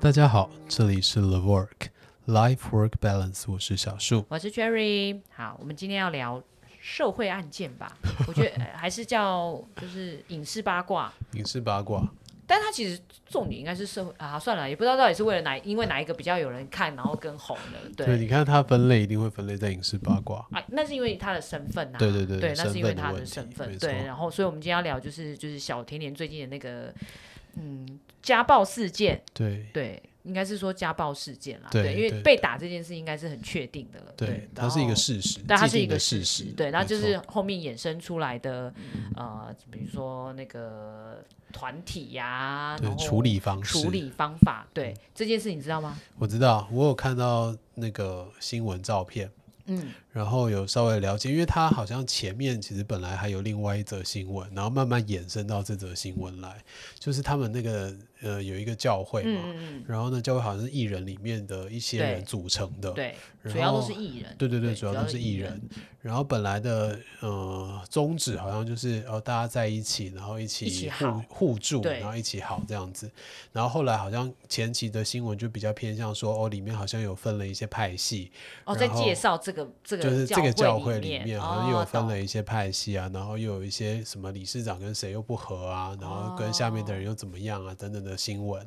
大家好，這裡是 LIVORK Work Life Work Balance，我是小樹，我是 Jerry。好，我們今天要聊社會案件吧？ 我覺得、呃、還是叫就是影視八卦， 影視八卦。但他其實重點應該是社會啊，算了，也不知道到底是為了哪，因為哪一個比較有人看，然後更紅的。對，對，你看他分類一定會分類在影視八卦。嗯、啊，那是因為他的身份啊。對對對。對，那是因為他的身份。錯對，然後所以我們今天要聊就是就是小甜甜最近的那個嗯家暴事件。對。對。應該是說家暴事件啦，對，對因為被打這件事應該是很確定的了，對，對後它是一個事實，但它是一個事實，事實對，那錯就是後面衍生出來的，呃，比如說那個團體呀、啊，對，處理方式、處理方法，對，這件事你知道嗎？我知道，我有看到那個新聞照片，嗯，然後有稍微了解，因為他好像前面其實本來還有另外一則新聞，然後慢慢衍生到這則新聞來，就是他們那個。呃，有一個教會嘛，然後呢，教會好像是藝人裡面的一些人組成的，對，主要都是藝人，對對對，主要都是藝人。然後本來的呃宗旨好像就是哦，大家在一起，然後一起互互助，然後一起好這樣子。然後後來好像前期的新聞就比較偏向說，哦，裡面好像有分了一些派系。哦，在介紹這個這個就是這個教會裡面好像又有分了一些派系啊，然後又有一些什麼理事長跟誰又不和啊，然後跟下面的人又怎麼樣啊，等等的。新聞，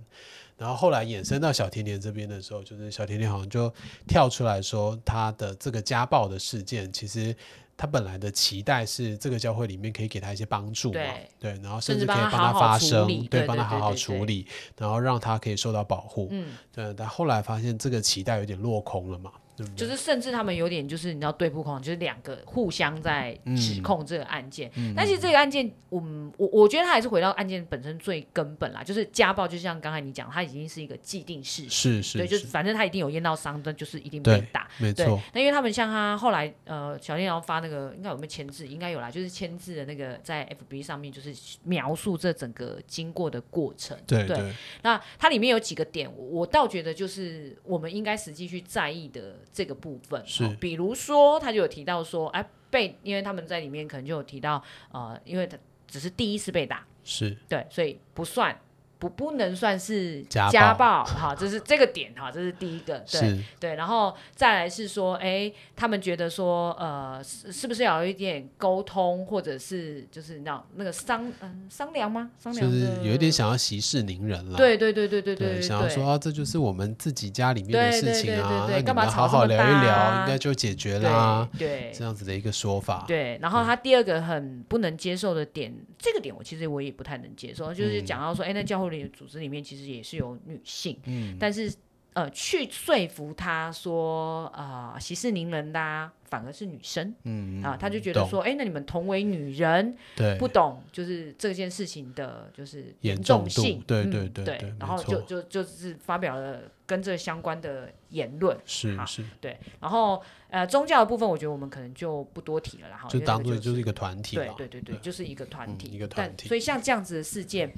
然後後來衍生到小甜甜這邊的時候，就是小甜甜好像就跳出來說，他的這個家暴的事件，其實他本來的期待是這個教會裡面可以給他一些幫助嘛，對對，然後甚至可以幫他發聲，對，幫他好好處理，然後讓他可以受到保護，嗯，對，但後來發現這個期待有點落空了嘛。對對就是，甚至他們有點，就是你知道對簿公堂，就是兩個互相在指控這個案件。嗯嗯、但其實這個案件，我們我我覺得他還是回到案件本身最根本啦，就是家暴，就像剛才你講，他已經是一個既定事實。是，是是。對，就反正他一定有驗到傷，那就是一定被打。對對沒錯。那因為他們像他後來呃，小天然後發那個應該有沒有簽字？應該有啦，就是簽字的那個在 FB 上面，就是描述這整個經過的過程。對對。對那它裡面有幾個點，我我倒覺得就是我們應該實際去在意的。這個部分，哦，比如說他就有提到說，哎，被因為他們在裡面可能就有提到，呃，因為他只是第一次被打，是對，所以不算。不不能算是家暴，哈，這是這個點，哈，這是第一個，對對，然後再來是說，哎，他們覺得說，呃，是是不是要有一點溝通，或者是就是你知道那那個商嗯商量嗎？商量就是有一點想要息事寧人了，對對對對對對，想要說啊，這就是我們自己家裡面的事情啊，那你們好好聊一聊，應該就解決了，對，這樣子的一個說法。對，然後他第二個很不能接受的點，這個點我其實我也不太能接受，就是講到說，哎，那教會，組織裡面其實也是有女性，嗯，但是呃，去說服他說啊，息事寧人啦，反而是女生，嗯啊，他就覺得說，哎，那你們同為女人，對，不懂就是這件事情的，就是嚴重性，對對對，然後就就就是發表了跟這相關的言論，是是，對，然後呃，宗教的部分，我覺得我們可能就不多提了，然後就當作就是一個團體，對對對，就是一個團體，一個團體，所以像這樣子的事件。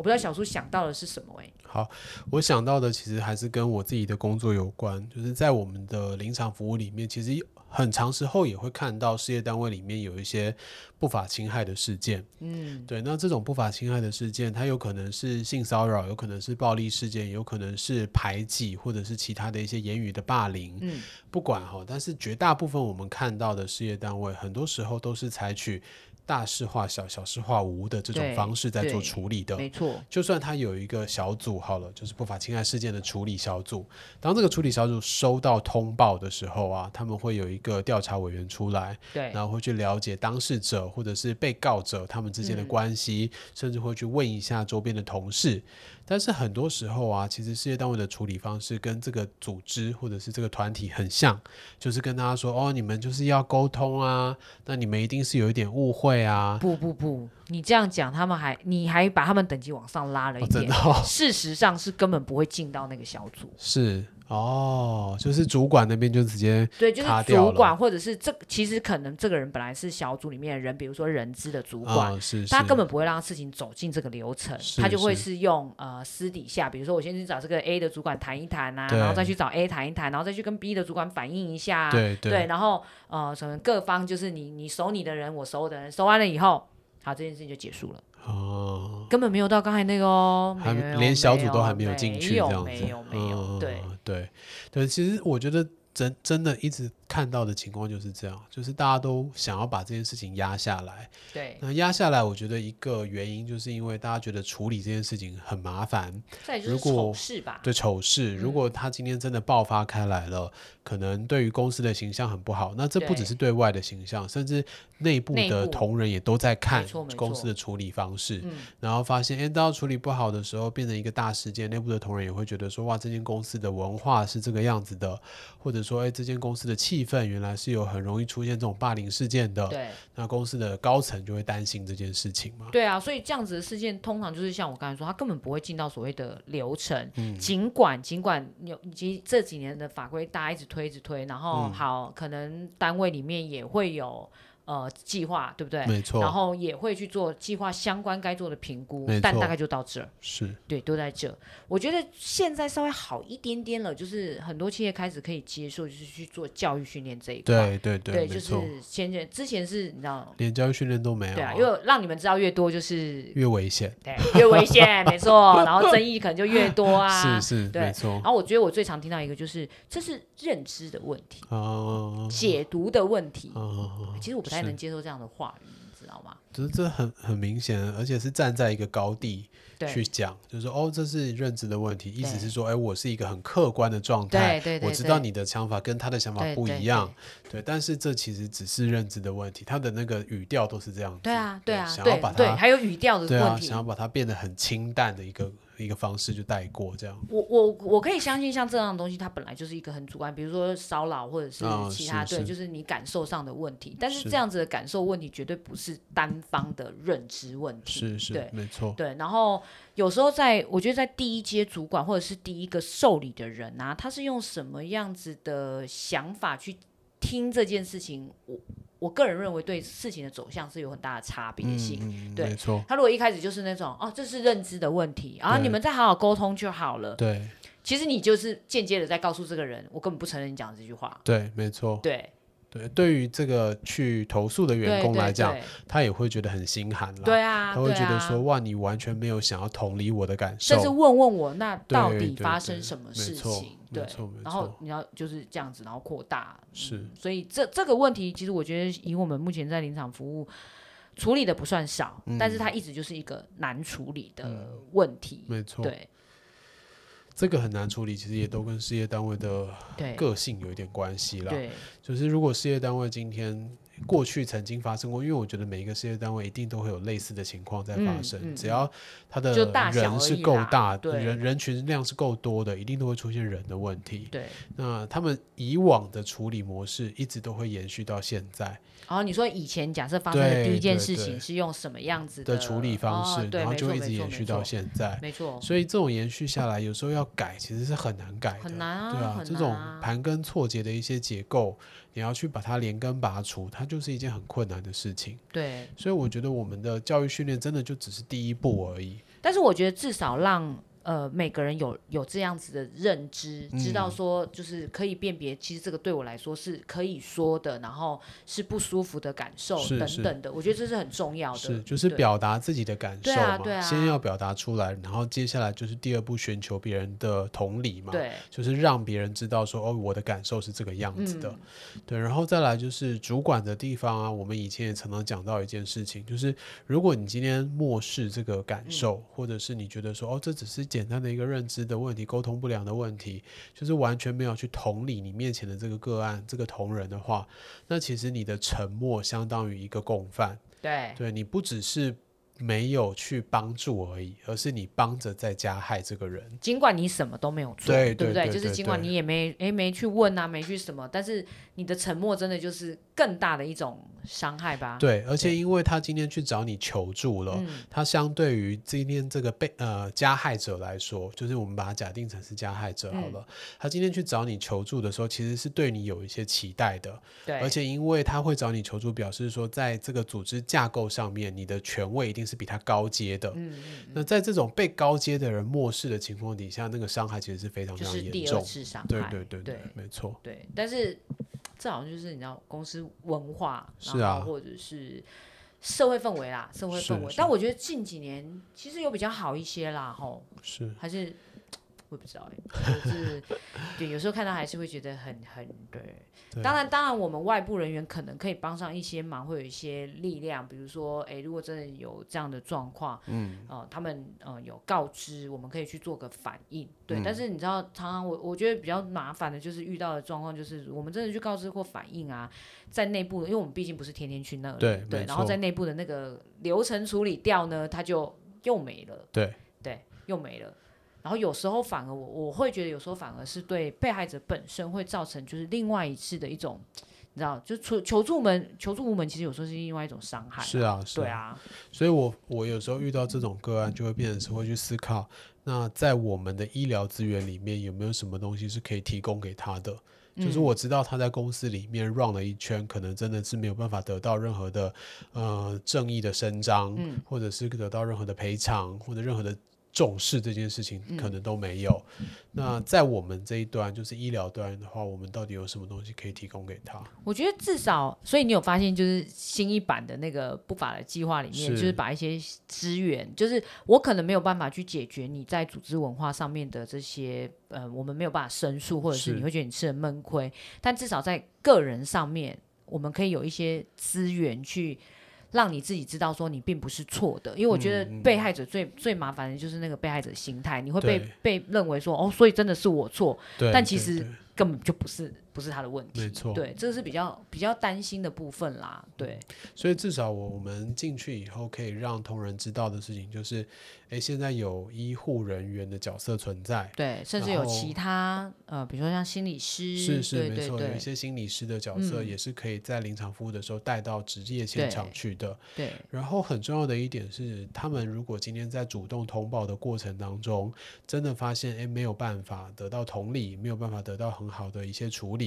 我不知道小蘇想到的是什麼誒、欸，好，我想到的其實還是跟我自己的工作有關，就是在我們的臨場服務裡面，其實很長時候也會看到事業單位裡面有一些不法侵害的事件。嗯，對，那這種不法侵害的事件，它有可能是性騷擾，有可能是暴力事件，有可能是排擠，或者是其他的一些言語的霸凌。嗯，不管哈，但是絕大部分我們看到的事業單位，很多時候都是採取。大事化小，小事化無的這種方式在做處理的，沒錯。就算他有一個小組，好了，就是不法侵害事件的處理小組。當這個處理小組收到通報的時候啊，他們會有一個調查委員出來，對，然後會去了解當事者或者是被告者他們之間的關係，嗯、甚至會去問一下周邊的同事。但是很多時候啊，其實事業單位的處理方式跟這個組織或者是這個團體很像，就是跟大家說哦，你們就是要溝通啊，那你們一定是有一點誤會。對啊、不不不，你這樣講，他們還你還把他們等級往上拉了一點，哦哦、事實上是根本不會進到那個小組。是。哦，就是主管那邊就直接對，就是主管或者是這其實可能這個人本來是小組裡面的人，比如說人資的主管，哦、是是他根本不會讓事情走進這個流程，是是他就會是用呃私底下，比如說我先去找這個 A 的主管談一談啊，對然後再去找 A 談一談，然後再去跟 B 的主管反映一下、啊，對對，對，然後呃什麼各方就是你你收你的人，我收我的人收完了以後，好，這件事情就結束了。哦，根本沒有到剛才那個哦，還連小組都還沒有進去這樣子，沒有沒有，沒有沒有嗯、對對，對，其實我覺得真真的一直看到的情況就是這樣，就是大家都想要把這件事情壓下來。對，那壓下來，我覺得一個原因就是因為大家覺得處理這件事情很麻煩。如果是醜事吧，對，醜事。嗯、如果他今天真的爆發開來了，可能對於公司的形象很不好。那這不只是對外的形象，對甚至內部的同仁也都在看公司的處理方式，嗯、然後發現哎、欸，當處理不好的時候，變成一個大事件，內部的同仁也會覺得說，哇，這間公司的文化是這個樣子的，或者說，哎、欸，這間公司的氣。氣原來是有很容易出現這種霸凌事件的，對，那公司的高層就會擔心這件事情嘛。對啊，所以這樣子的事件，通常就是像我剛才說，他根本不會進到所謂的流程。嗯盡，盡管盡管有，以及這幾年的法規，大家一直推，一直推，然後好，嗯、可能單位裡面也會有。呃，計劃對不對？沒錯，然後也會去做計劃相關該做的評估，但大概就到這兒。是對，都在這。我覺得現在稍微好一點點了，就是很多企業開始可以接受，就是去做教育訓練這一塊。對對對，對，沒錯。就是先前，之前是你知道，連教育訓練都沒有。對，因為讓你們知道越多，就是越危險，對，越危險，沒錯。然後爭議可能就越多啊。是是，沒錯。然後我覺得我最常聽到一個就是，這是認知的問題，哦，解讀的問題。其實我不太。能接受這樣的話語，嗯、你知道嗎？就是這很很明顯，而且是站在一個高地去講，對就是說哦，這是認知的問題。意思是說，哎對，我是一個很客觀的狀態，對對對，我知道你的想法跟他的想法不一樣，對，對，對，對。但是這其實只是認知的問題，他的那個語調都是這樣子。對啊，對啊，對想要把它對，對，還有語調的問題對啊，想要把它變得很清淡的一個。一個方式就帶過這樣，我我我可以相信像這樣的東西，它本來就是一個很主觀，比如說騷擾或者是其他，哦、對，就是你感受上的問題。是，但是這樣子的感受問題，絕對不是單方的認知問題，是是，是對，沒錯，對。然後有時候在，我覺得在第一階主管或者是第一個受理的人啊，他是用什麼樣子的想法去聽這件事情？我。我個人認為，對事情的走向是有很大的差別性。對、嗯嗯，沒錯。他如果一開始就是那種，哦，這是認知的問題，然後，啊，對，你們再好好溝通就好了。對，其實你就是間接的在告訴這個人，我根本不承認你講這句話。對，沒錯。對。對，對於這個去投訴的員工來講，他也會覺得很心寒了。對啊，他會覺得說，哇，你完全沒有想要同理我的感受。甚至問問我，那到底發生什麼事情？對，然後你要就是這樣子，然後擴大。是，所以這這個問題，其實我覺得以我們目前在臨場服務處理的不算少，但是它一直就是一個難處理的問題。沒錯，對。這個很難處理，其實也都跟事業單位的個性有一點關係啦。對，就是如果事業單位今天。過去曾經發生過，因為我覺得每一個事業單位一定都會有類似的情況在發生。只要他的人是夠大，人人群量是夠多的，一定都會出現人的問題。對，那他們以往的處理模式一直都會延續到現在。然後你說以前假設發生的第一件事情是用什麼樣子的處理方式，然後就一直延續到現在，沒錯。所以這種延續下來，有時候要改其實是很難改的，很難啊，這種盤根錯節的一些結構，你要去把它連根拔除它。就是一件很困難的事情，對，所以我覺得我們的教育訓練真的就只是第一步而已。但是我覺得至少讓呃，每個人有有這樣子的認知，知道說就是可以辨別，其實這個對我來說是可以說的，然後是不舒服的感受、嗯、等等的，是是我覺得這是很重要的，是就是表達自己的感受嘛。對、對啊，對、對啊，先要表達出來，然後接下來就是第二步尋求別人的同理嘛，對，就是讓別人知道說哦，我的感受是這個樣子的，嗯、對，然後再來就是主管的地方啊，我們以前也常常講到一件事情，就是如果你今天漠視這個感受，嗯、或者是你覺得說哦，這只是簡單的一個認知的問題，溝通不良的問題，就是完全沒有去同理你面前的這個個案，這個同仁的話，那其實你的沉默相當於一個共犯。對對，你不只是沒有去幫助而已，而是你幫着在加害這個人。儘管你什麼都沒有做，對，對不對？對對對對對。就是儘管你也沒誒沒去問啊，沒去什麼，但是你的沉默真的就是更大的一種。傷害吧，對，而且因為他今天去找你求助了，對，他相對於今天這個被呃加害者來說，就是我們把它假定成是加害者好了，嗯、他今天去找你求助的時候，其實是對你有一些期待的，對，而且因為他會找你求助，表示說在這個組織架構上面，你的權位一定是比他高階的，嗯嗯嗯，那在這種被高階的人漠視的情況底下，那個傷害其實是非常非常嚴重的。就是第二次傷害。對，對對對對，對沒錯，對，但是。這好像就是你知道公司文化，是啊、然後或者是社會氛圍啦，社會氛圍。是是，但我覺得近幾年其實有比較好一些啦，吼，是還是。會不知道、欸、 就是對，有時候看到還是會覺得很很對。當然，當然，我們外部人員可能可以幫上一些忙，會有一些力量，比如說，誒、欸，如果真的有這樣的狀況，嗯，哦、呃，他們嗯、呃、有告知，我們可以去做個反應，對。嗯、但是你知道，常常我我覺得比較麻煩的，就是遇到的狀況，就是我們真的去告知或反應啊，在內部，因為我們畢竟不是天天去那，對對。對錯然後在內部的那個流程處理掉呢，它就又沒了，對，對，又沒了。然後有時候反而我我會覺得有時候反而是對被害者本身會造成就是另外一次的一種，你知道就求求助門求助無門，其實有時候是另外一種傷害。是啊。是啊，對啊，所以我我有時候遇到這種個案，就會變成是會去思考，那在我們的醫療資源裡面有沒有什麼東西是可以提供給他的？嗯、就是我知道他在公司裡面繞了一圈，可能真的是沒有辦法得到任何的呃正義的伸張，嗯、或者是得到任何的賠償或者任何的。重視這件事情可能都沒有。嗯，那在我們這一端，就是醫療端的話，我們到底有什麼東西可以提供給他？我覺得至少，所以你有發現，就是新一版的那個不法的計劃裡面，就是把一些資源，是就是我可能沒有辦法去解決你在組織文化上面的這些，呃，我們沒有辦法申訴，或者是你會覺得你吃了悶虧。是但至少在個人上面，我們可以有一些資源去。讓你自己知道說你並不是錯的，因為我覺得被害者最、嗯、最麻煩的就是那個被害者心態，你會被對被認為說哦，所以真的是我錯，對但其實對對對根本就不是。不是他的問題，沒錯，對，這個是比較比較擔心的部分啦，對。嗯、所以至少我我們進去以後可以讓同仁知道的事情就是，哎，現在有醫護人員的角色存在，對，甚至有然後其他呃，比如說像心理師，是是對對對沒錯，有一些心理師的角色也是可以在臨場服務的時候帶到職業現場去的，嗯、對。對然後很重要的一點是，他們如果今天在主動通報的過程當中，真的發現哎沒有辦法得到同理，沒有辦法得到很好的一些處理。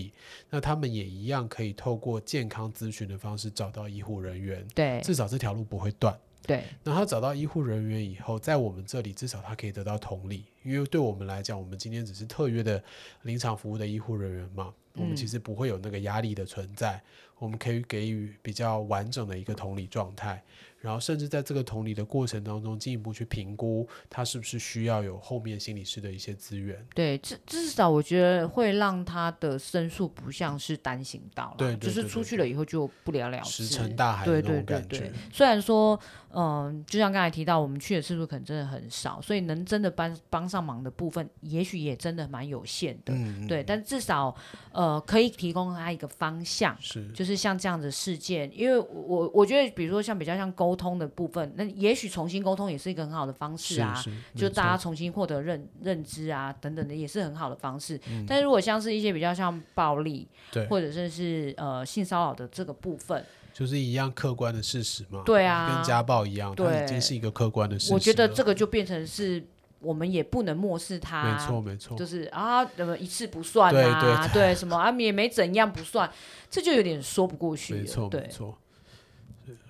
那他們也一樣可以透過健康諮詢的方式找到醫護人員。對，至少這條路不會斷。對，那他找到醫護人員以後，在我們這裡至少他可以得到同理，因為對我們來講，我們今天只是特約的臨場服務的醫護人員嘛，我們其實不會有那個壓力的存在，嗯、我們可以給予比較完整的一個同理狀態。然後，甚至在這個同理的過程當中，進一步去評估他是不是需要有後面心理師的一些資源。對，至至少我覺得會讓他的申訴不像是單行道了，對、對、對、對、對，就是出去了以後就不了了之。石沉大海的那種感覺。對對對，雖然說，嗯、呃，就像剛才提到，我們去的次數可能真的很少，所以能真的幫幫上忙的部分，也許也真的蠻有限的。嗯、對，但至少呃，可以提供他一個方向，是就是像這樣的事件，因為我我覺得，比如說像比較像溝。溝通的部分，那也許重新溝通也是一個很好的方式啊，就大家重新獲得認認知啊，等等的也是很好的方式。但如果像是一些比較像暴力，或者說是呃性騷擾的這個部分，就是一樣客觀的事實嘛，對啊，跟家暴一樣，對，已經是一個客觀的事實。我覺得這個就變成是我們也不能漠視他，沒錯沒錯，就是啊，怎麼一次不算啊，對什麼啊也沒怎樣不算，這就有點說不過去了，沒錯。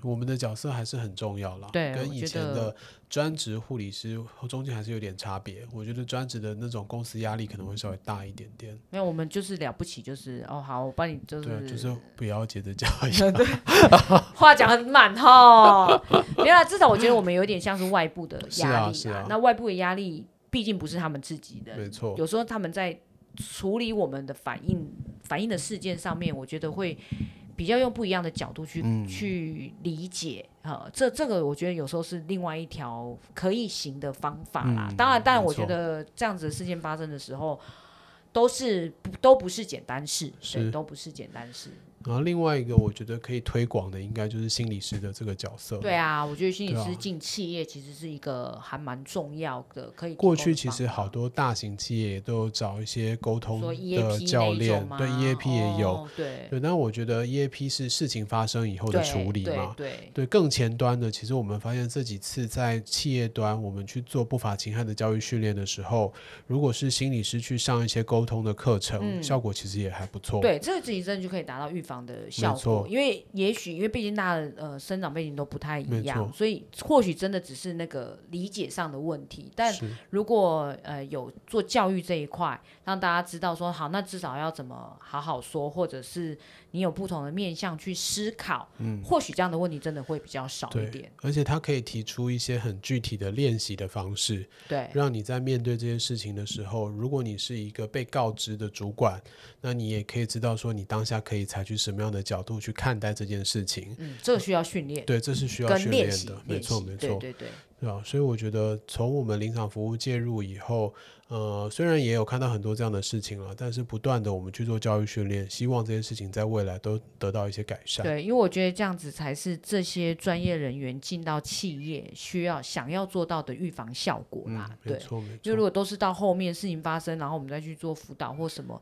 我們的角色還是很重要啦，對，跟以前的專職護理師和中間還是有點差別。我覺，我覺得專職的那種公司壓力可能會稍微大一點點。那我們就是了不起，就是哦，好，我幫你、就是對，就是就是不要急着講，對， 話講很滿哈。哦、 沒有，至少我覺得我們有點像是外部的壓力。啊。 是啊、是啊，那外部的壓力畢竟不是他們自己的，沒錯。有時候他們在處理我們的反應、嗯、反應的事件上面，我覺得會。比較用不一樣的角度去、嗯、去理解啊，這這個我覺得有時候是另外一條可以行的方法啦。嗯、當然，當然，我覺得這樣子的事件發生的時候，錯都是不都不是簡單事，是對，都不是簡單事。然後另外一個我覺得可以推廣的，應該就是心理師的這個角色。對啊，我覺得心理師進企業其實是一個還蠻重要的，可以、啊、過去其實好多大型企業也都有找一些溝通的教練，e、對 EAP 也有，哦、對對。那我覺得 EAP 是事情發生以後的處理嘛，對對、對、對。更前端的，其實我們發現這幾次在企業端我們去做不法侵害的教育訓練的時候，如果是心理師去上一些溝通的課程，嗯、效果其實也還不錯。對，這其實真的就可以達到預防的效果，因為也許因為畢竟大家的呃生長背景都不太一樣，錯所以或許真的只是那個理解上的問題。但如果是呃有做教育這一塊，讓大家知道說好，那至少要怎麼好好說，或者是你有不同的面向去思考，嗯，或許這樣的問題真的會比較少一點。而且他可以提出一些很具體的練習的方式，對，讓你在面對這些事情的時候，如果你是一個被告知的主管，那你也可以知道說你當下可以採取。什麼樣的角度去看待這件事情？嗯，這個需要訓練。呃、對，這是需要訓練的，沒錯，沒錯，對對對，對、啊，所以我覺得，從我們臨場服務介入以後，呃，雖然也有看到很多這樣的事情了，但是不斷的我們去做教育訓練，希望這些事情在未來都得到一些改善。對，因為我覺得這樣子才是這些專業人員進到企業需要想要做到的預防效果啦。嗯、對沒錯，沒錯，就如果都是到後面事情發生，然後我們再去做輔導或什麼。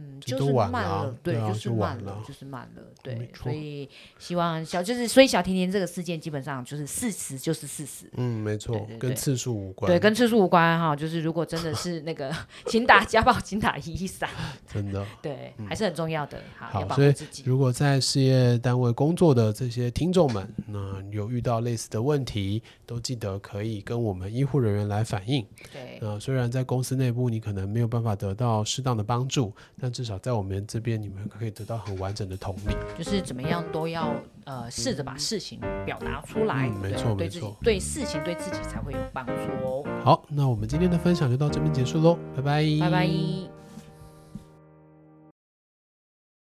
嗯，就是慢了，對，就是慢了，就是慢了，對，所以希望小就是所以小甜甜這個事件基本上就是事實，就是事實。嗯，沒錯，跟次數無關，對，跟次數無關哈。就是如果真的是那個，請打家暴，請打113，真的，對，還是很重要的，好，要保護自己。所以，如果在事業單位工作的這些聽眾們，那有遇到類似的問題，都記得可以跟我們醫護人員來反映。對，啊，雖然在公司內部你可能沒有辦法得到適當的幫助，至少在我們這邊，你們可以得到很完整的同理，就是怎麼樣都要呃試着把事情表達出來，嗯、沒錯對沒錯對，對事情對自己才會有幫助哦。好，那我們今天的分享就到這邊結束嘍，拜拜，拜拜。